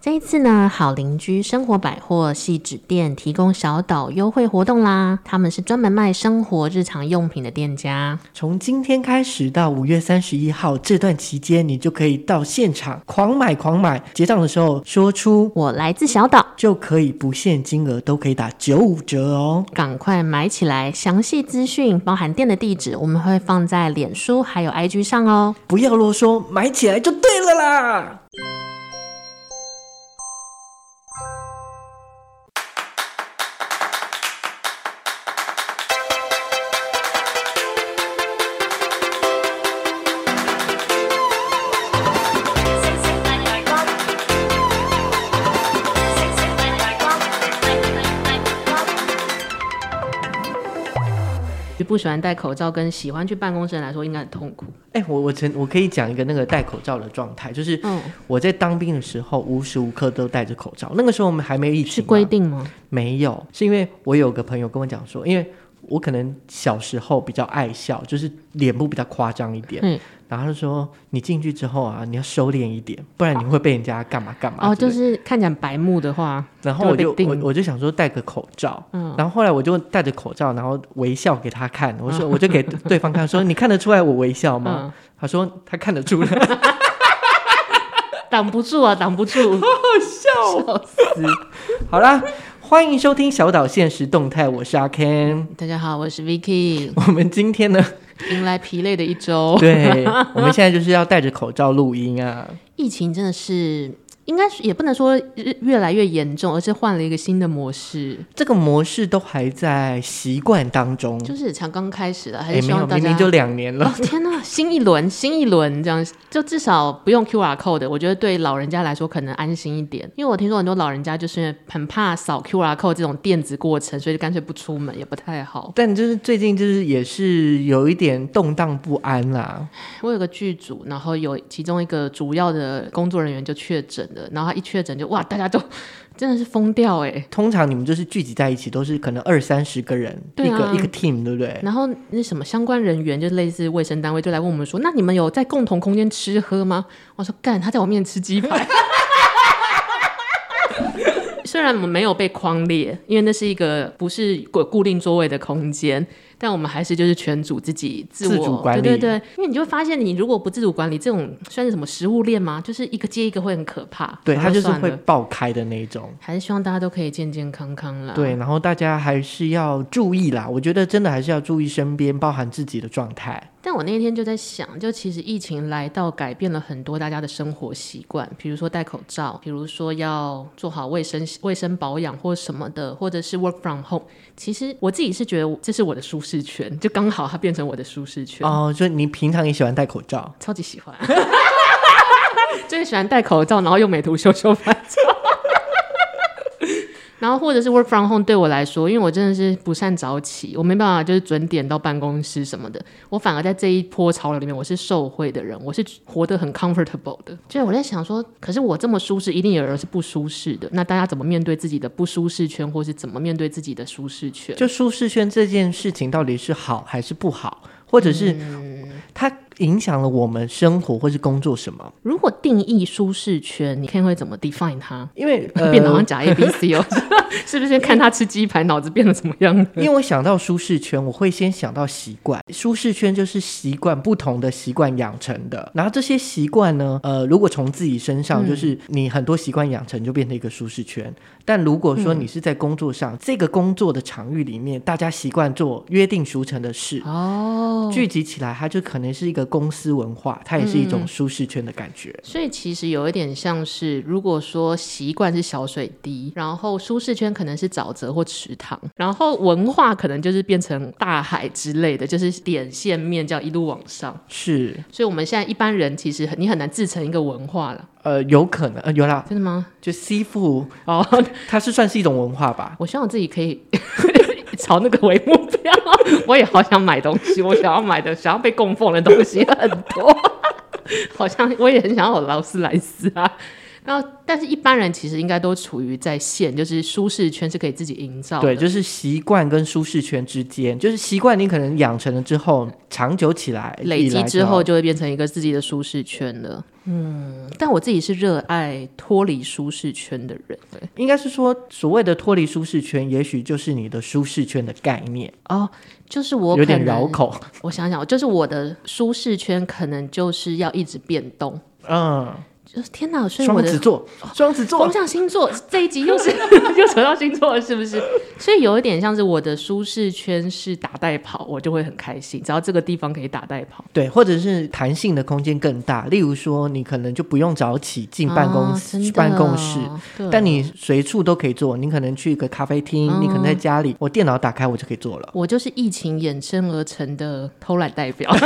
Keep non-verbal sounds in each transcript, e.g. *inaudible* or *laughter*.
這一次呢，好鄰居生活百貨汐止店提供小島優惠活動啦！他們是專門賣生活日常用品的店家。從今天開始到五月三十一號這段期間，你就可以到現場狂買狂買，結賬的時候說出“我來自小島”，就可以不限金額都可以打九五折哦！趕快買起來！詳細資訊包含店的地址，我們會放在臉書還有 IG 上哦。不要囉嗦，買起來就對了啦！不喜歡戴口罩跟喜歡去辦公室人來說應該很痛苦。哎、欸，我我曾我可以講一個那個戴口罩的狀態，就是我在當兵的時候無時無刻都戴着口罩。那個時候我們還沒疫情，是規定嗎？沒有，是因為我有個朋友跟我講說，因為我可能小時候比較愛笑，就是臉部比較誇張一點。嗯然後他說，你進去之後啊，你要收斂一點，不然你會被人家幹嘛幹嘛。哦，就是看見白目的話。然後我就我我就想說戴個口罩。嗯。然後後來我就戴着口罩，然後微笑給他看。我說我就給對方看，說你看得出來我微笑嗎？他說他看得出來。擋不住啊，擋不住。好好笑，笑死。好啦，歡迎收聽小島限時動態，我是阿 Ken。大家好，我是 Vicky。我們今天呢，迎來疲累的一周， *laughs* 對，我們現在就是要戴着口罩錄音啊！ *laughs* 疫情真的是。應該也不能說越來越嚴重，而是換了一個新的模式。這個模式都還在習慣當中，就是才剛開始的，還是、欸、沒有，明明就兩年了。哦、天吶，新一輪，新一輪這樣子，就至少不用 QR Code 的，我覺得對老人家來說可能安心一點。因為我聽說很多老人家就是很怕掃 QR Code 這種電子過程，所以就乾脆不出門，也不太好。但就是最近就是也是有一點動盪不安啦、啊。我有個劇組，然後有其中一個主要的工作人員就確診。然後他一確診就哇，大家都真的是瘋掉哎！通常你們就是聚集在一起，都是可能二三十個人，對啊，一個一個 team，對不對？然後那什麼相關人員就類似衛生單位就來問我們說：“那你們有在共同空間吃喝嗎？”我說：“幹，他在我面前吃雞排。”雖然我們沒有被框列，因為那是一個不是固固定座位的空間。但我們還是就是全組自己自我自主管理，對對對，因為你就會發現，你如果不自主管理，這種算是什麼食物鏈嗎？就是一個接一個會很可怕，對，它就是會爆開的那種。還是希望大家都可以健健康康啦。對，然後大家還是要注意啦。我覺得真的還是要注意身邊包含自己的狀態。但我那天就在想，就其實疫情來到，改變了很多大家的生活習慣，比如說戴口罩，比如說要做好衛生衛生保養或什麼的，或者是 work from home。其實我自己是覺得這是我的舒適。視圈就剛好，它變成我的舒適圈哦。就你平常也喜歡戴口罩，超級喜歡，最 *laughs* *laughs* 喜歡戴口罩，然後用美圖秀秀拍照。 *laughs* 然後或者是 work from home 對我來說，因為我真的是不善早起，我沒辦法就是準點到辦公室什麼的。我反而在這一波潮流裡面，我是受惠的人，我是活得很 comfortable 的。就是我在想說，可是我這麼舒適，一定有人是不舒適的。那大家怎麼面對自己的不舒適圈，或是怎麼面對自己的舒適圈？就舒適圈這件事情到底是好還是不好，或者是它……嗯影響了我們生活或是工作什麼？如果定義舒適圈，你看會怎麼 define 它？因為、呃、 *laughs* 變得好像假 A B C 哦、喔， *laughs* 是不是？看他吃雞排，腦因子變得怎麼樣？因為我想到舒適圈，我會先想到習慣。舒適圈就是習慣，不同的習慣養成的。然後這些習慣呢，呃，如果從自己身上，就是你很多習慣養成就變成一個舒適圈。嗯、但如果說你是在工作上，嗯、這個工作的場域裡面，大家習慣做約定俗成的事，哦，聚集起來，它就可能是一個。公司文化，它也是一種舒適圈的感覺、嗯。所以其實有一點像是，如果說習慣是小水滴，然後舒適圈可能是沼澤或池塘，然後文化可能就是變成大海之類的，就是點線面，這樣一路往上。是，所以我們現在一般人其實很你很難自成一個文化了。呃，有可能，呃，有啦，真的嗎？就吸附哦，它是算是一種文化吧。我希望我自己可以。 *laughs* 朝那個為目標， *laughs* 我也好想買東西。我想要買的、想要被供奉的東西很多， *laughs* 好像我也很想要勞斯萊斯啊。然後，但是一般人其實應該都處於在線，就是舒適圈是可以自己營造的。對，就是習慣跟舒適圈之間，就是習慣你可能養成了之後，長久起來累積之後，就會變成一個自己的舒適圈了。嗯，但我自己是熱愛脫離舒適圈的人。應該是說，所謂的脫離舒適圈，也許就是你的舒適圈的概念哦。就是我有點繞口，我想想，就是我的舒適圈可能就是要一直變動。嗯。天哪！天吶，所以我的雙子座，雙子座，哦，風向星座 *laughs* 這一集又是又扯到星座了，是不是？所以有一點像是我的舒適圈是打帶跑，我就會很開心。只要這個地方可以打帶跑，對，或者是彈性的空間更大。例如說，你可能就不用早起進辦公、啊、辦公室，辦公室，但你隨處都可以做。你可能去一個咖啡廳，嗯、你可能在家裡，我電腦打開我就可以做了。我就是疫情衍生而成的偷懶代表。 *laughs*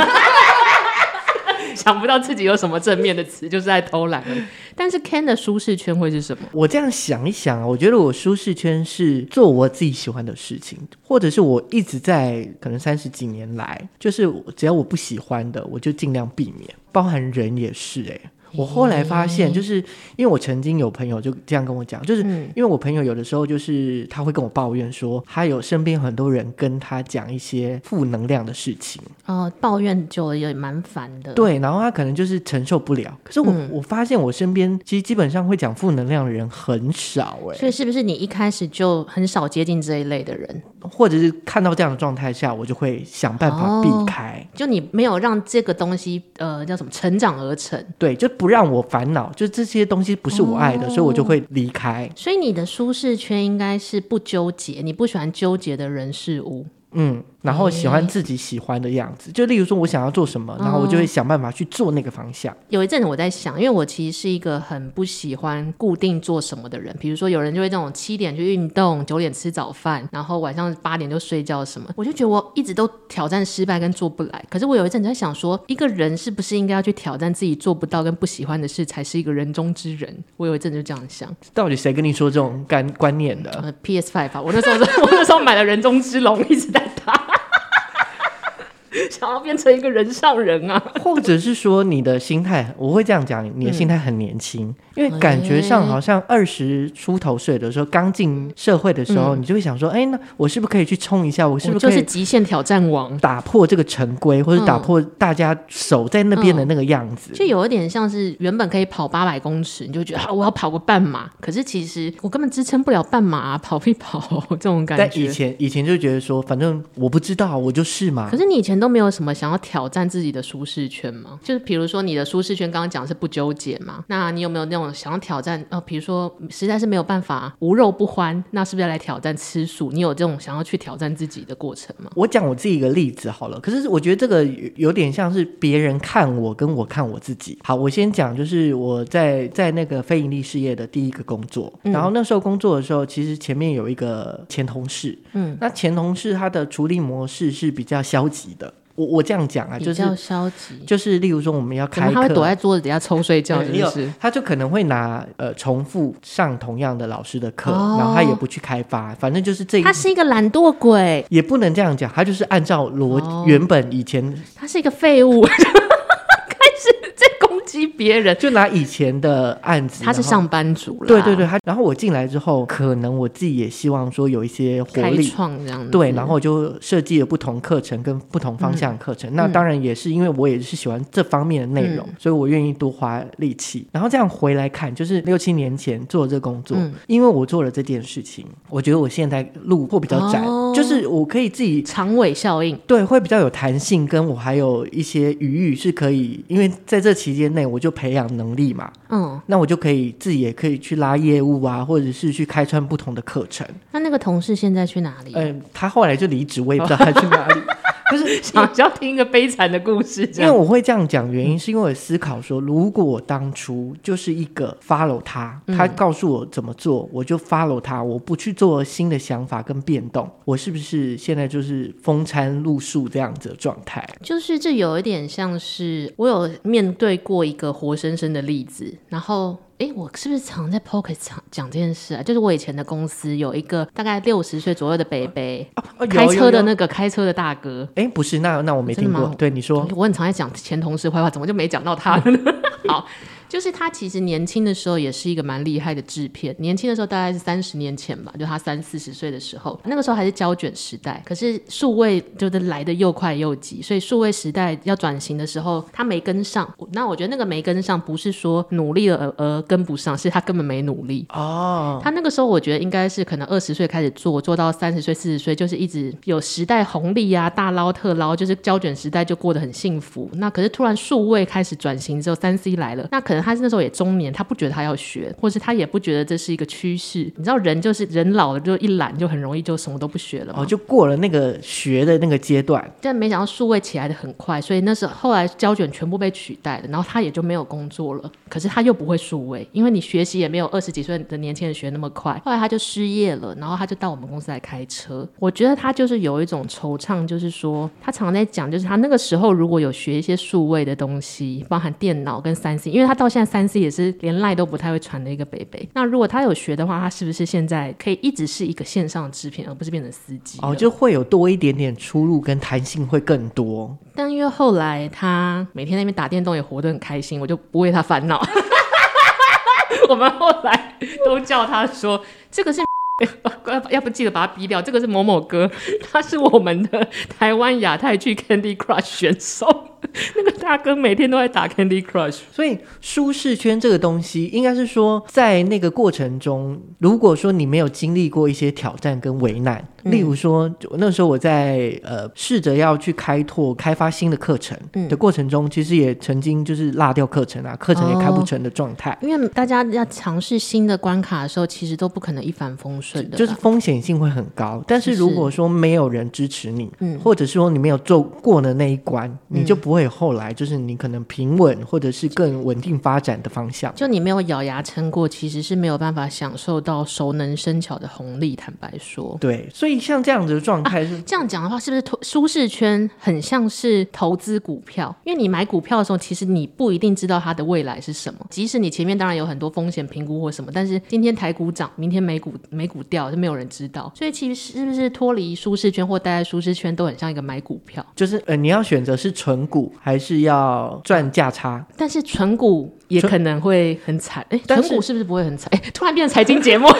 *laughs* 想不到自己有什麼正面的詞，就是在偷懶。 *laughs* 但是 Ken 的舒適圈會是什麼？我這樣想一想啊，我覺得我舒適圈是做我自己喜歡的事情，或者是我一直在可能三十幾年來，就是只要我不喜歡的，我就盡量避免，包含人也是誒。我後來發現，就是因為我曾經有朋友就這樣跟我講，就是因為我朋友有的時候就是他會跟我抱怨說，他有身邊很多人跟他講一些負能量的事情，哦，抱怨就也蠻煩的，對，然後他可能就是承受不了。可是我我發現我身邊其實基本上會講負能量的人很少哎，所以是不是你一開始就很少接近這一類的人，或者是看到這樣的狀態下，我就會想辦法避開？就你沒有讓這個東西呃叫什麼成長而成？對，就。不讓我煩惱，就這些東西不是我愛的，哦、所以我就會離開。所以你的舒適圈應該是不糾結，你不喜歡糾結的人事物。嗯。然後喜歡自己喜歡的樣子，Okay. 就例如說，我想要做什麼，Okay . Oh. 然後我就會想辦法去做那個方向。有一陣子我在想，因為我其實是一個很不喜歡固定做什麼的人。比如說，有人就會這種七點去運動，九點吃早飯，然後晚上八點就睡覺什麼。我就覺得我一直都挑戰失敗跟做不來。可是我有一陣子在想說，一個人是不是應該要去挑戰自己做不到跟不喜歡的事，才是一個人中之人？我有一陣子就這樣想。到底誰跟你說這種觀觀念的？PS5 吧，我那時候我那時候買了人中之龍， *laughs* 一直在打。 *laughs* 想要變成一個人上人啊，或者是說你的心態，我會這樣講，你的心態很年輕。嗯、因為感覺上好像二十出頭歲的時候，剛進、嗯、社會的時候，嗯、你就會想說，哎、欸，那我是不是可以去衝一下？我是不是就是極限挑戰王，打破這個成規，或者打破大家守在那邊的那個樣子？嗯嗯、就有一點像是原本可以跑八百公尺，你就覺得、啊、我要跑個半馬，可是其實我根本支撐不了半馬、啊、跑一跑這種感覺。以前以前就覺得說，反正我不知道，我就是嘛。可是你以前。都沒有什麼想要挑戰自己的舒適圈嗎？就是比如說你的舒適圈，剛剛講的是不糾結嘛？那你有沒有那種想要挑戰？呃，比如說實在是沒有辦法無肉不歡，那是不是要來挑戰吃素？你有這種想要去挑戰自己的過程嗎？我講我自己一個例子好了。可是我覺得這個有點像是別人看我，跟我看我自己。好，我先講，就是我在在那個非營利事業的第一個工作，嗯、然後那時候工作的時候，其實前面有一個前同事，嗯，那前同事他的處理模式是比較消極的。我我這樣講啊，就是消極，就是例如說我們要開課，他會躲在桌子底下抽睡覺是是，沒有，嗯，他就可能會拿呃，重複上同樣的老師的課，哦、然後他也不去開發，反正就是這一，他是一個懶惰鬼，也不能這樣講，他就是按照羅、哦、原本以前，他是一個廢物。 *laughs* 別人就拿以前的案子，他是上班族了。對對對，他。然後我進來之後，可能我自己也希望說有一些活力創這樣的。對，嗯、然後就設計了不同課程跟不同方向的課程。嗯、那當然也是因為我也是喜歡這方面的內容，嗯、所以我願意多花力氣。然後這樣回來看，就是六七年前做了這個工作，嗯、因為我做了這件事情，我覺得我現在路會比較窄，哦、就是我可以自己長尾效應，對，會比較有彈性，跟我還有一些餘裕是可以，因為在這期間內我。就培養能力嘛，嗯，那我就可以自己也可以去拉業務啊，或者是去開創不同的課程。那那個同事現在去哪裡啊？嗯，他後來就離職，我也不知道他去哪裡。 *laughs* *laughs* 就是想要 *laughs* 聽一個悲慘的故事，因為我會這樣講，原因是因為我思考說，如果我當初就是一個 follow 他，嗯、他告訴我怎麼做，我就 follow 他，我不去做新的想法跟變動，我是不是現在就是風餐露宿這樣子的狀態？就是這有一點像是我有面對過一個活生生的例子，然後。哎，我是不是常在 pocket 講這件事啊？就是我以前的公司有一個大概六十歲左右的北北，啊啊啊、開車的那個開車的大哥。哎，不是，那那我沒聽過。對你說，我很常在講前同事壞話，怎麼就沒講到他了呢？ *laughs* *laughs* 好。就是他其實年輕的時候也是一個蠻厲害的制片，年輕的時候大概是三十年前吧，就他三四十歲的時候，那個時候還是膠卷時代，可是數位就是來的又快又急，所以數位時代要轉型的時候，他沒跟上。那我覺得那個沒跟上，不是說努力了而而跟不上，是他根本沒努力。哦，oh. 他那個時候我覺得應該是可能二十歲開始做，做到三十歲四十歲，歲就是一直有時代紅利啊，大撈特撈，就是膠卷時代就過得很幸福。那可是突然數位開始轉型之後，三 C 來了，那可能。他是那時候也中年，他不覺得他要學，或是他也不覺得這是一個趨勢。你知道人就是人老了就一懶，就很容易就什麼都不學了哦，就過了那個學的那個階段。但沒想到數位起來得很快，所以那時候後來膠卷全部被取代了，然後他也就沒有工作了。可是他又不會數位，因為你學習也沒有二十幾歲的年輕人學那麼快。後來他就失業了，然後他就到我們公司來開車。我覺得他就是有一種惆悵，就是說他常常在講，就是他那個時候如果有學一些數位的東西，包含電腦跟 3C，因為他到。現在三 C 也是連賴都不太會傳的一個北北。那如果他有學的話，他是不是現在可以一直是一個線上的製品，而不是變成司機？哦，就會有多一點點出入跟彈性會更多。但因為後來他每天在那邊打電動也活得很開心，我就不為他煩惱。 *laughs* *laughs* *laughs* 我們後來都叫他說， *laughs* 這個是要不記得把他逼掉。這個是某某哥，他是我們的台灣亞太區 Candy Crush 選手。 *laughs* 那個大哥每天都在打 Candy Crush，所以舒適圈這個東西，應該是說在那個過程中，如果說你沒有經歷過一些挑戰跟危難，嗯、例如說那時候我在呃試着要去開拓開發新的課程的過程中，嗯、其實也曾經就是落掉課程啊，課程也開不成的狀態，哦。因為大家要嘗試新的關卡的時候，其實都不可能一帆風順的就，就是風險性會很高。是，是但是如果說沒有人支持你，嗯、或者說你沒有做過的那一關，嗯、你就不。會後來就是你可能平穩或者是更穩定發展的方向，就你沒有咬牙撐過，其實是沒有辦法享受到熟能生巧的紅利。坦白說，對，所以像這樣子的狀態是、啊，這樣講的話，是不是舒適圈很像是投資股票？因為你買股票的時候，其實你不一定知道它的未來是什麼。即使你前面當然有很多風險評估或什麼，但是今天台股漲，明天美股美股掉，就沒有人知道。所以其實是不是脫離舒適圈或待在舒適圈，都很像一個買股票？就是呃，你要選擇是純股，還是要賺價差，但是存股也可能會很慘。哎是，存股、欸、是不是不會很慘？哎、欸，突然變成財經節目。 *laughs*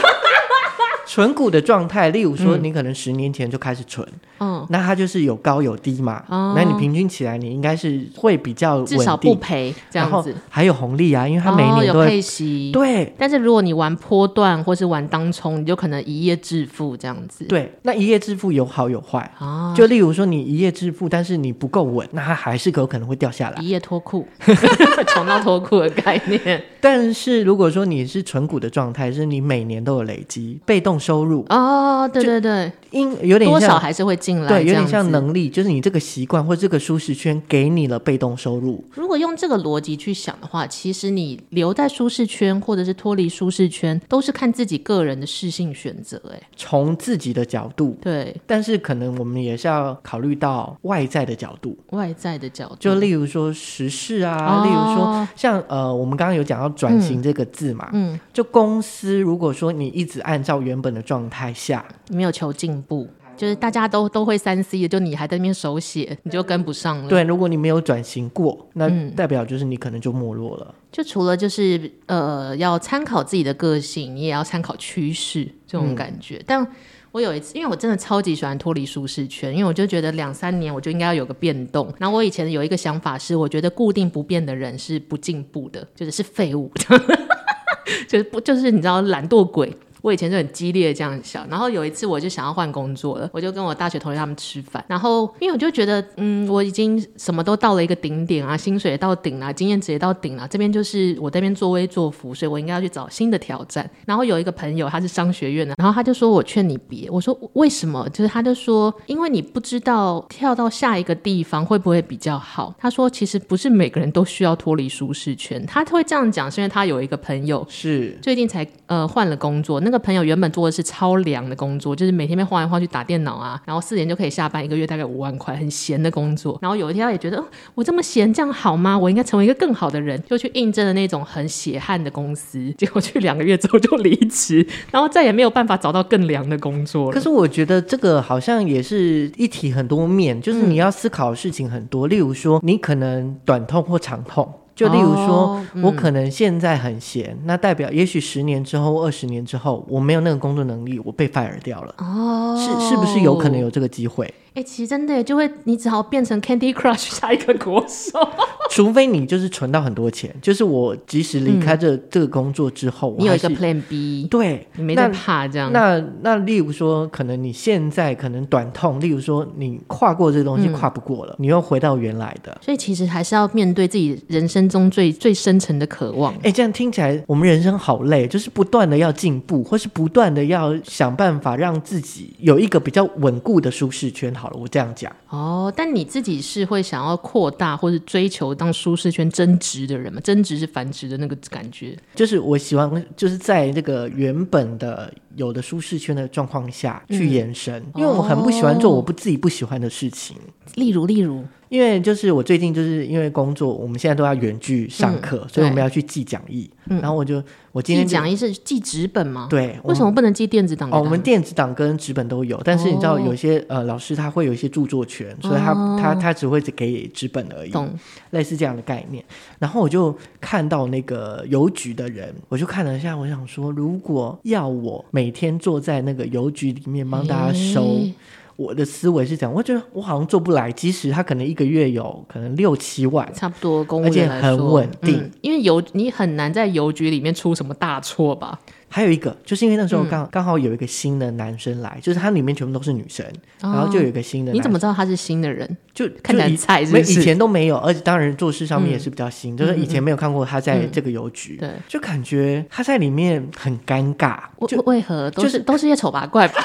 存股的狀態，例如說你可能十年前就開始存、嗯，嗯，那它就是有高有低嘛，哦、那你平均起來，你應該是會比較穩定，至少不賠這樣子，還有紅利啊，因為它每年都、哦、有配息，對。但是如果你玩波段或是玩當沖，你就可能一夜致富這樣子，對。那一夜致富有好有壞啊，哦、就例如說你一夜致富，但是你不夠穩，那它還是有可能會掉下來，一夜脫褲，哈哈哈，窮到脫褲的概念。 *laughs* 但是如果說你是存股的狀態，是你每年都有累積被動動收入哦，oh, 對對對，因有點多少還是會進來，對，有點像能力，就是你這個習慣或這個舒適圈給你了被動收入。如果用這個邏輯去想的話，其實你留在舒適圈或者是脫離舒適圈，都是看自己個人的適性選擇。哎，從自己的角度對，但是可能我們也是要考慮到外在的角度，外在的角度，就例如說時事啊，oh. 例如說像呃，我們剛剛有講到轉型、嗯、這個字嘛，嗯，就公司如果說你一直按照原本本的狀態下，你沒有求進步，就是大家都都會三 C 的，就你還在那邊手寫，你就跟不上了。對，如果你沒有轉型過，那代表就是你可能就沒落了。嗯、就除了就是呃，要參考自己的個性，你也要參考趨勢這種感覺。嗯、但我有一次，因為我真的超級喜歡脫離舒適圈，因為我就覺得兩三年我就應該要有個變動。然後我以前有一個想法是，我覺得固定不變的人是不進步的，就是是廢物的， *laughs* 就是不就是你知道懶惰鬼。我以前就很激烈的這樣想，然後有一次我就想要換工作了，我就跟我大學同學他們吃飯，然後因為我就覺得，嗯，我已經什麼都到了一個頂點啊，薪水也到頂了啊，經驗值也到頂了啊，這邊就是我這邊作威作福，所以我應該要去找新的挑戰。然後有一個朋友他是商學院的，然後他就說我勸你別，我說為什麼？就是他就說，因為你不知道跳到下一個地方會不會比較好。他說其實不是每個人都需要脫離舒適圈，他會這樣講，是因為他有一個朋友是最近才呃換了工作那。的朋友原本做的是超涼的工作，就是每天被晃來晃去打電腦啊，然後四點就可以下班，一個月大概五萬塊，很閒的工作。然後有一天他也覺得，呃、我這麼閒這樣好嗎？我應該成為一個更好的人，就去應徵了那種很血汗的公司。結果去兩個月之後就離職，然後再也沒有辦法找到更涼的工作。可是我覺得這個好像也是一體很多面，就是你要思考的事情很多。嗯、例如說，你可能短痛或長痛。就例如說，oh, 我可能現在很閒，嗯、那代表也許十年之後、二十年之後，我沒有那個工作能力，我被 fire 掉了。哦、oh，是是不是有可能有這個機會？哎、欸，其實真的，就會你只好變成 Candy Crush 下一個國手。 *laughs* 除非你就是存到很多錢，就是我即使離開這這個工作之後，嗯、你有一個 Plan B，對，你沒在怕這樣。那那，那例如說，可能你現在可能短痛，例如說你跨過這個東西跨不過了，嗯、你又回到原來的。所以其實還是要面對自己人生。中最最深層的渴望，哎、欸，這樣聽起來我們人生好累，就是不斷的要進步，或是不斷的要想辦法讓自己有一個比較穩固的舒適圈。好了，我這樣講。哦，但你自己是會想要擴大，或是追求當舒適圈增值的人嗎？增值是繁殖的那個感覺，就是我喜歡，就是在那個原本的有的舒適圈的狀況下去延伸，嗯、因為我很不喜歡做我不自己不喜歡的事情。哦例如，例如，因為就是我最近就是因為工作，我們現在都要遠距上課，嗯、所以我們要去寄講義。嗯、然後我就，我今天講義是寄紙本嗎？對，為什麼不能寄電子檔？哦，我們電子檔跟紙本都有，但是你知道，有些呃老師他會有一些著作權，哦、所以他他他，他只會給紙本而已，哦、類似這樣的概念。然後我就看到那個郵局的人，我就看了一下，我想說，如果要我每天坐在那個郵局裡面幫大家收。欸我的思維是這樣，我覺得我好像做不來。即使他可能一個月有可能六七萬，差不多，而且很穩定。因為郵你很難在郵局裡面出什麼大錯吧？還有一個，就是因為那時候剛剛好有一個新的男生來，就是他裡面全部都是女生，然後就有一個新的。你怎麼知道他是新的人？就看起來才以前都沒有，而且當然做事上面也是比較新，就是以前沒有看過他在這個郵局，對，就感覺他在裡面很尷尬。為為何都是都是一些醜八怪吧？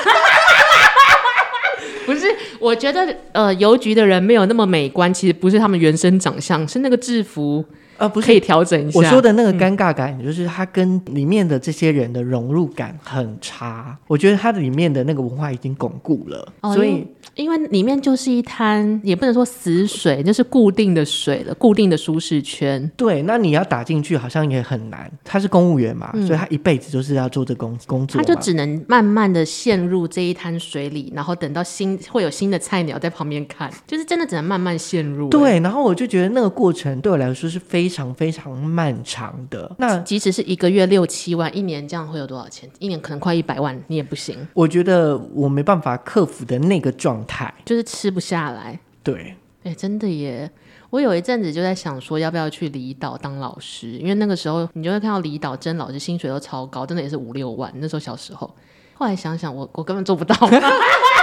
不是，我覺得，呃，郵局的人沒有那麼美觀。其實不是他們原生長相，是那個制服。啊，不可以調整一下。我說的那個尷尬感，就是他跟裡面的這些人的融入感很差。嗯、我覺得他裡面的那個文化已經鞏固了，哦、所以因為裡面就是一灘，也不能說死水，就是固定的水了，固定的舒適圈。對，那你要打進去好像也很難。他是公務員嘛，嗯、所以他一輩子就是要做這工工作。他就只能慢慢的陷入這一灘水裡，然後等到新會有新的菜鳥在旁邊看，就是真的只能慢慢陷入、欸。對，然後我就覺得那個過程對我來說是非。非常非常漫長的那，即使是一個月六七萬，一年這樣會有多少錢？一年可能快一百萬，你也不行。我覺得我沒辦法克服的那個狀態，就是吃不下來。對，哎、欸，真的耶！我有一陣子就在想，說要不要去離島當老師，因為那個時候你就會看到離島真老師薪水都超高，真的也是五六萬。那時候小時候，後來想想我，我我根本做不到。 *laughs*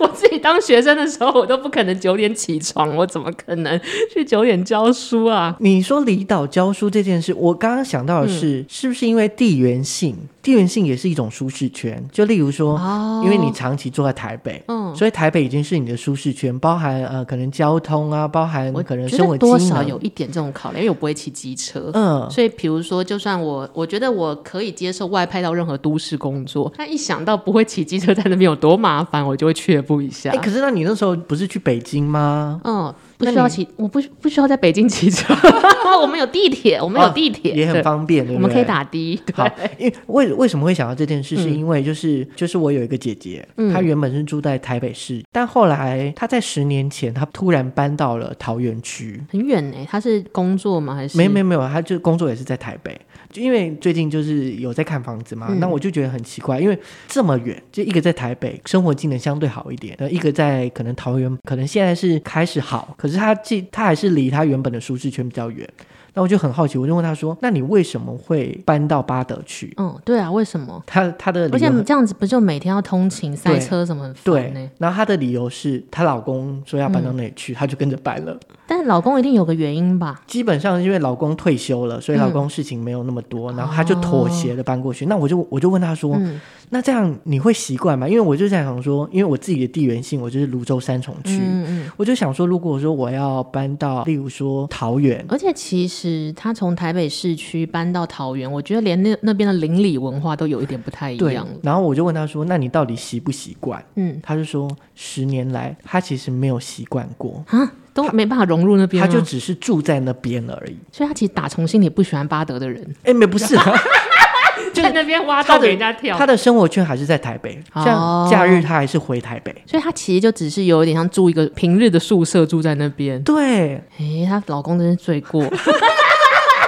我自己當學生的時候，我都不可能九點起床，我怎麼可能去九點教書啊？你說離島教書這件事，我剛剛想到的是，嗯、是不是因為地緣性？地緣性也是一種舒適圈。就例如說，哦，因為你長期住在台北，嗯，所以台北已經是你的舒適圈，包含呃可能交通啊，包含我可能生活機能。覺得多少有一點這種考量，因為我不會騎機車，嗯，所以比如說，就算我我覺得我可以接受外派到任何都市工作，但一想到不會騎機車在那邊有多麻煩，我就會去。一下、欸，可是那你那時候不是去北京嗎？嗯、哦，不需要騎，你我不不需要在北京騎車 *laughs* 我，我們有地鐵，我們有地鐵也很方便，對不對？我們可以打的。好，因為為，為什麼會想到這件事，是因為就是、嗯、就是我有一個姐姐，嗯、她原本是住在台北市，但後來她在十年前，她突然搬到了桃園區，很遠呢、欸，她是工作嗎？還是？沒沒沒有，她就工作也是在台北。就因為最近就是有在看房子嘛，嗯，那我就覺得很奇怪，因為這麼遠，就一個在台北，生活機能相對好一點，一個在可能桃園，可能現在是開始好，可是他這他還是離他原本的舒適圈比較遠。.那我就很好奇，我就問他說：“那你為什麼會搬到巴德去？”嗯，對啊，為什麼？他他的理由，而且你這樣子不就每天要通勤、塞車什麼很煩？對，對。然後他的理由是，她老公說要搬到那裡去，嗯、他就跟着搬了。但老公一定有個原因吧？基本上是因為老公退休了，所以老公事情沒有那麼多，嗯、然後他就妥協的搬過去。嗯、那我就我就問他說：“嗯、那這樣你會習慣嗎？”因為我就在想，想說，因為我自己的地緣性，我就是蘆洲三重區，嗯嗯我就想說，如果說我要搬到，例如說桃園，而且其實。是他從台北市區搬到桃園，我覺得連那那邊的鄰里文化都有一點不太一樣了。對，然後我就問他說：“那你到底習不習慣？”嗯，他就說：“十年來，他其實沒有習慣過啊，都沒辦法融入那邊他，他就只是住在那邊而已。”所以，他其實打從心裡不喜歡巴德的人。哎、嗯，沒不是。 *laughs* 在那邊挖到人他的人家跳，他的生活圈還是在台北。哦、像假日他還是回台北，所以他其實就只是有一點像住一個平日的宿舍住在那邊。對，誒、欸，她老公真是罪過。 *laughs*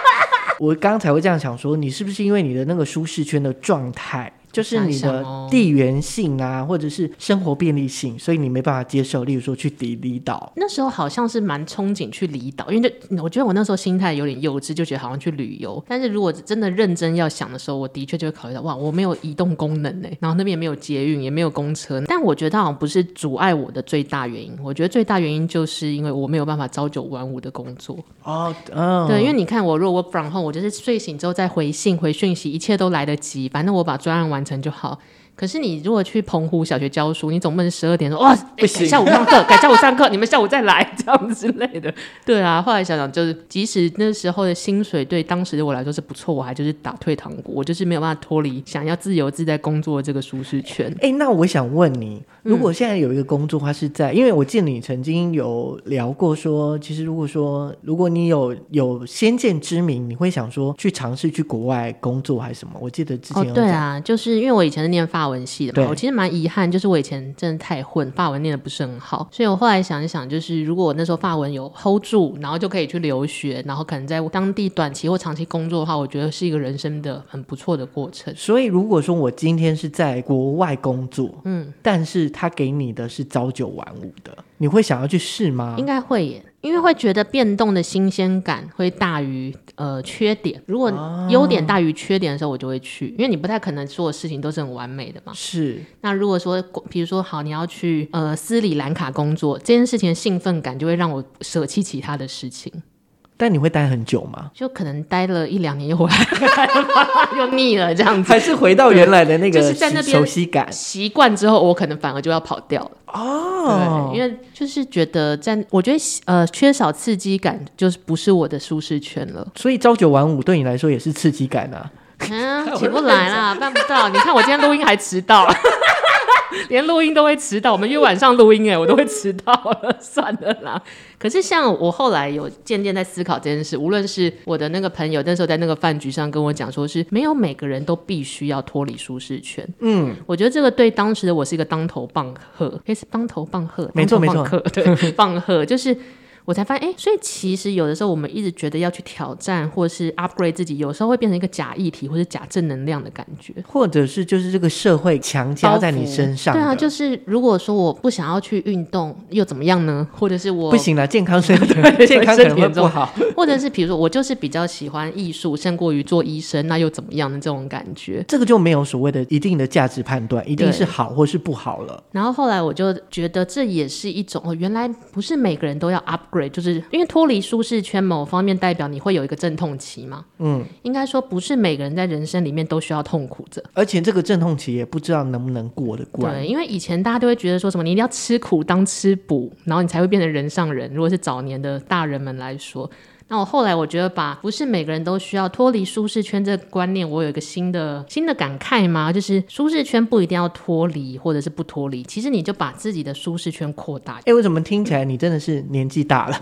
*laughs* 我剛才會這樣想說，你是不是因為你的那個舒適圈的狀態？就是你的地緣性啊，啊或者是生活便利性，所以你沒辦法接受。例如說去離離島，那時候好像是蠻憧憬去離島，因為就我覺得我那時候心態有點幼稚，就覺得好像去旅遊。但是如果真的認真要想的時候，我的確就會考慮到，哇，我沒有移動功能呢、欸，然後那邊也沒有捷運，也沒有公車。但我覺得好像不是阻礙我的最大原因。我覺得最大原因就是因為我沒有辦法朝九晚五的工作哦，oh, um. 對，因為你看我如果我 work from home，我就是睡醒之後再回信回訊息，一切都來得及。反正我把專案完。完成就好。可是你如果去澎湖小學教書，你總不能十二點說哇不行，下午上課改下午上課，上課 *laughs* 你們下午再來這樣之類的。對啊，後來想想就是，即使那時候的薪水對當時的我來說是不錯，我還就是打退堂鼓，我就是沒有辦法脫離想要自由自在工作的這個舒適圈。哎、欸，那我想問你，如果現在有一個工作，它是在，嗯、因為我見你曾經有聊過說，其實如果說如果你有有先見之明，你會想說去嘗試去國外工作還是什麼？我記得之前有、哦、對啊，就是因為我以前是念法。文系的嘛，對我其實蠻遺憾，就是我以前真的太混，法文念得不是很好，所以我後來想一想，就是如果我那時候法文有 hold 住，然後就可以去留學，然後可能在當地短期或長期工作的話，我覺得是一個人生的很不錯的過程。所以如果說我今天是在國外工作，嗯，但是他給你的是朝九晚五的，你會想要去試嗎？應該會耶。因為會覺得變動的新鮮感會大於呃缺點，如果優點大於缺點的時候，我就會去。Oh. 因為你不太可能做的事情都是很完美的嘛。是。那如果說，比如說好，你要去呃斯里蘭卡工作，這件事情的興奮感就會讓我舍棄其他的事情。但你會待很久嗎？就可能待了一兩年又回來，又 *laughs* 膩了這樣子， *laughs* 還是回到原來的那個，就是在那邊熟悉感，習慣之後，我可能反而就要跑掉了哦。對，因為就是覺得在，我覺得呃，缺少刺激感就是不是我的舒適圈了。所以朝九晚五對你來說也是刺激感啊？嗯、啊，起不來啦， *laughs* 辦不到。你看我今天錄音還遲到。 *laughs* 連錄音都會遲到，我們約晚上錄音哎、欸，我都會遲到了， *laughs* 算了啦。可是像我後來有漸漸在思考這件事，無論是我的那個朋友，那時候在那個飯局上跟我講說，是沒有每個人都必須要脫離舒適圈。嗯，我覺得這個對當時的我是一個當頭棒喝，也、嗯、是當頭棒喝，沒錯沒錯，對， *laughs* 棒喝就是。我才發現，哎、欸，所以其實有的時候，我們一直覺得要去挑戰或是 upgrade 自己，有時候會變成一個假議題或是假正能量的感覺，或者是就是這個社會強加在你身上。對啊，就是如果說我不想要去運動，又怎麼樣呢？或者是我不行了，健康， *laughs* 健康可 *laughs* 身體，健康 *laughs* 身體不好， *laughs* 或者是比如說我就是比較喜歡藝術，勝過於做醫生，那又怎麼樣的這種感覺？這個就沒有所謂的一定的價值判斷，一定是好或是不好了。對然後後來我就覺得，這也是一種哦，原來不是每個人都要 upgrade。就是因為脫離舒適圈，某方面代表你會有一個陣痛期嘛。嗯，應該說不是每個人在人生裡面都需要痛苦着，而且這個陣痛期也不知道能不能過得過。對，因為以前大家都會覺得說什麼你一定要吃苦當吃補，然後你才會變成人上人。如果是早年的大人們來說。那我後來我覺得吧，不是每個人都需要脫離舒適圈這個觀念。我有一個新的新的感慨嘛，就是舒適圈不一定要脫離，或者是不脫離，其實你就把自己的舒適圈擴大。哎、欸，我怎麼聽起來你真的是年紀大了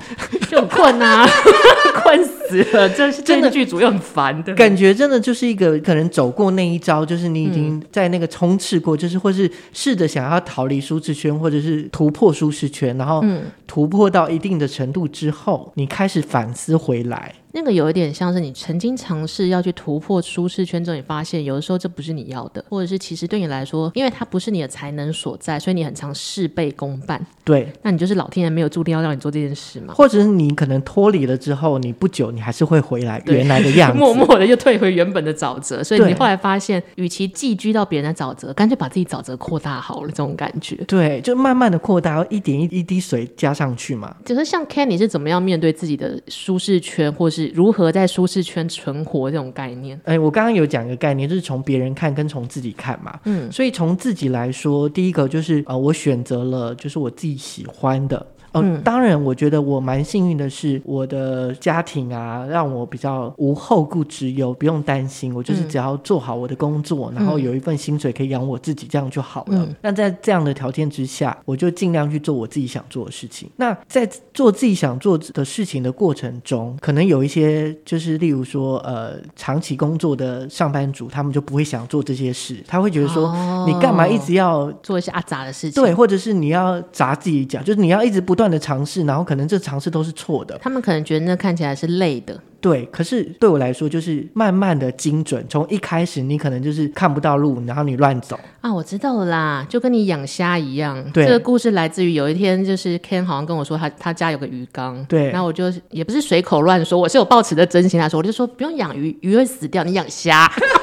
就困啊？ *laughs* *laughs* 困死了，這是真的。劇組又很煩的感覺，真的就是一個可能走過那一招，就是你已經在那個衝刺過，嗯、就是或是試着想要逃離舒適圈，或者是突破舒適圈，然後突破到一定的程度之後，你開始反思。回來。那個有一點像是你曾經嘗試要去突破舒適圈之後，你發現有的時候這不是你要的，或者是其實對你來說，因為它不是你的才能所在，所以你很常事倍功半。對，那你就是老天爺沒有注定要讓你做這件事嘛？或者是你可能脫離了之後，你不久你還是會回來原來的樣子，默默的又退回原本的沼澤。所以你後來發現，與對其寄居到別人的沼澤，乾脆把自己沼澤擴大好了，這種感覺。對，就慢慢的擴大，然後一點一,一滴水加上去嘛。就是像 Ken 你是怎麼樣面對自己的舒適圈，或是。如何在舒適圈存活這種概念？哎，我剛剛有講一個概念，就是從別人看跟從自己看嘛。嗯，所以從自己來說，第一個就是啊、呃，我選擇了就是我自己喜歡的。然後當然，我覺得我蠻幸運的是，我的家庭啊，讓我比較無後顧之憂，不用擔心。我就是只要做好我的工作，然後有一份薪水可以養我自己，這樣就好了。那在這樣的條件之下，我就盡量去做我自己想做的事情。那在做自己想做的事情的過程中，可能有一些，就是例如說，呃，長期工作的上班族，他們就不會想做這些事，他會覺得說，你幹嘛一直要做一些阿雜的事情？對，或者是你要砸自己腳，就是你要一直不斷。的嘗試，然後可能這嘗試都是錯的。他們可能覺得那看起來是累的，對。可是對我來說，就是慢慢的精準。從一開始，你可能就是看不到路，然後你亂走啊。我知道了啦，就跟你養蝦一樣。對，這個故事來自於有一天，就是 Ken 好像跟我說他，他他家有個魚缸。對，那我就也不是隨口亂說，我是有抱持的真心來說，我就說不用養魚，魚會死掉，你養蝦。 *laughs*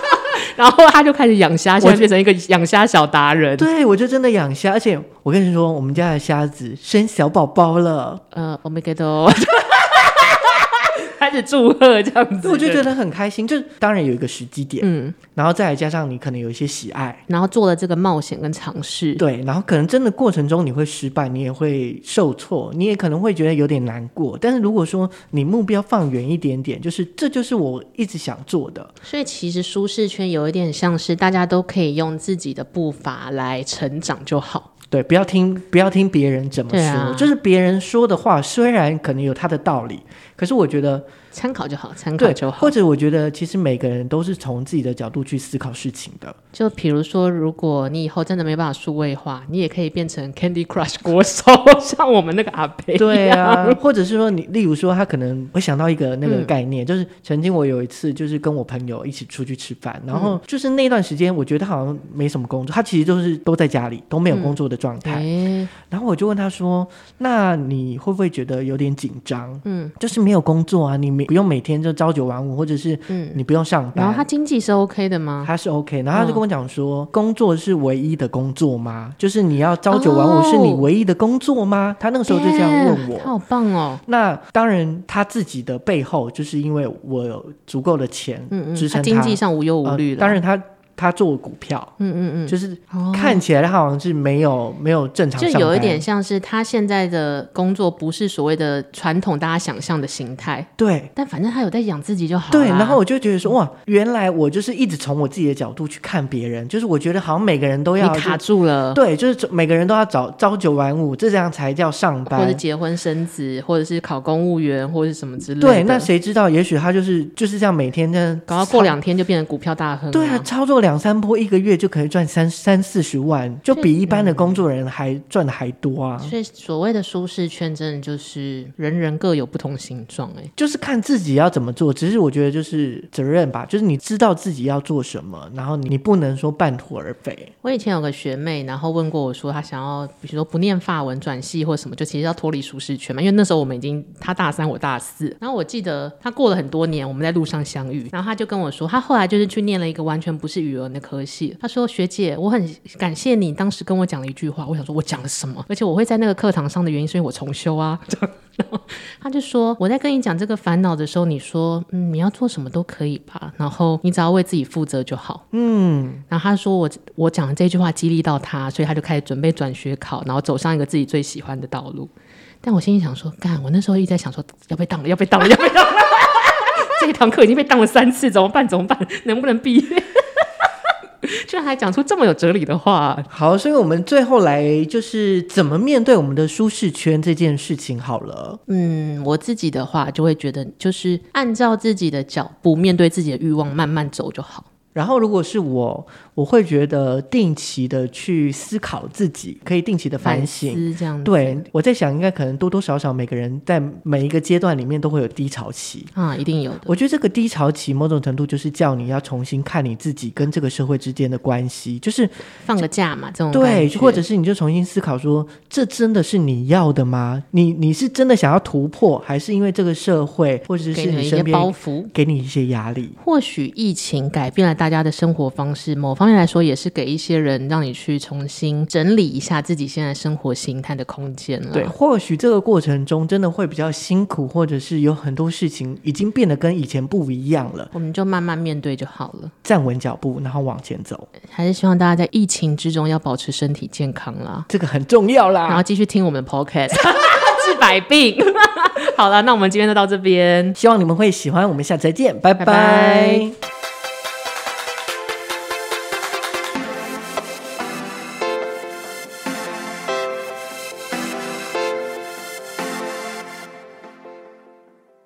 然後他就開始養蝦，我變成一個養蝦小達人。對，我就真的養蝦，而且我跟你說，我們家的蝦子生小寶寶了。呃，omedeto 祝賀這樣子，我就覺得很開心。就當然有一個時機點，嗯，然後再來加上你可能有一些喜愛，然後做了這個冒險跟嘗試，對。然後可能真的過程中你會失敗，你也會受挫，你也可能會覺得有點難過。但是如果說你目標放遠一點點，就是這就是我一直想做的。所以其實舒適圈有一點像是大家都可以用自己的步伐來成長就好。對，不要聽，不要聽別人怎麼說，啊，就是別人說的話雖然可能有他的道理，可是我覺得。參考就好，參考就好。或者我覺得，其實每個人都是從自己的角度去思考事情的。就比如說，如果你以後真的沒辦法數位化，你也可以變成 Candy Crush 國手，像我們那個阿貝，對啊，或者是說你，你例如說，他可能會想到一個那個概念，嗯、就是曾經我有一次就是跟我朋友一起出去吃飯，然後就是那段時間我覺得好像沒什麼工作，他其實就是都在家裡都沒有工作的狀態。嗯、然後我就問他說：“那你會不會覺得有點緊張？嗯，就是沒有工作啊，你沒。”你不用每天就朝九晚五，或者是你不用上班。嗯、然後他經濟是 OK 的嗎？他是 OK，然後他就跟我講說，嗯、工作是唯一的工作嗎？就是你要朝九晚五是你唯一的工作嗎？他那個時候就這樣問我。嗯、他好棒哦！那當然，他自己的背後就是因為我有足夠的錢支撐他，嗯，嗯嗯，他經濟上無憂無慮的、嗯。當然他。他做股票，嗯嗯嗯，就是看起來他好像是沒有、哦、沒有正常，就有一點像是他現在的工作不是所謂的傳統大家想象的形態，對。但反正他有在養自己就好。對，然後我就覺得說哇，原來我就是一直從我自己的角度去看別人，就是我覺得好像每個人都要你卡住了，對，就是每個人都要找朝九晚五，這樣才叫上班，或者結婚生子，或者是考公務員，或者是什麼之類的。對，那誰知道？也許他就是就是這樣每天在，剛剛過兩天就變成股票大亨啊。對啊，操作。兩三波一個月就可以賺三三四十萬，就比一般的工作人員還賺的還多啊、嗯！所以所謂的舒適圈，真的就是人人各有不同形狀，哎，就是看自己要怎麼做。只是我覺得，就是責任吧，就是你知道自己要做什麼，然後你你不能說半途而廢。我以前有個學妹，然後問過我說，她想要比如說不念法文轉系或什麼，就其實要脫離舒適圈嘛。因為那時候我們已經她大三，我大四。然後我記得她過了很多年，我們在路上相遇，然後她就跟我說，她後來就是去念了一個完全不是語。有那科系，他說學姐，我很感謝你當時跟我講了一句話。我想說，我講了什麼？而且我會在那個課堂上的原因，是因為我重修啊。 *laughs* 然後他就說，我在跟你講這個煩惱的時候，你說，嗯，你要做什麼都可以吧，然後你只要為自己負責就好。嗯，然後他說我，我我講的這句話激勵到他，所以他就開始準備轉學考，然後走上一個自己最喜歡的道路。但我心裡想說，幹，我那時候一直在想說，要被當了，要被當了，要被當了。 *laughs* 這一堂課已經被當了三次，怎麼辦？怎麼辦？能不能畢業？ *laughs* 居然還講出這麼有哲理的話啊。好，所以我們最後來就是怎麼面對我們的舒適圈這件事情好了。嗯，我自己的話就會覺得就是按照自己的腳步，面對自己的慾望，慢慢走就好。然後，如果是我，我會覺得定期的去思考自己，可以定期的反省，這樣的。對，我在想，應該可能多多少少每個人在每一個階段裡面都會有低潮期啊，一定有的。我覺得這個低潮期某種程度就是叫你要重新看你自己跟這個社會之間的關係，就是放個假嘛，這種對，或者是你就重新思考說，這真的是你要的嗎？你你是真的想要突破，還是因為這個社會或者是你身邊給你一些包袱，給你一些壓力？或許疫情改變了大。大家的生活方式，某方面來說，也是給一些人讓你去重新整理一下自己現在生活形態的空間了。對，或許這個過程中真的會比較辛苦，或者是有很多事情已經變得跟以前不一樣了，我們就慢慢面對就好了，站穩腳步，然後往前走。還是希望大家在疫情之中要保持身體健康啦，這個很重要啦。然後繼續聽我們 podcast 治百 *laughs* 白病。 *laughs* 好了，那我們今天就到這邊，希望你們會喜歡，我們下次再見，拜拜。拜拜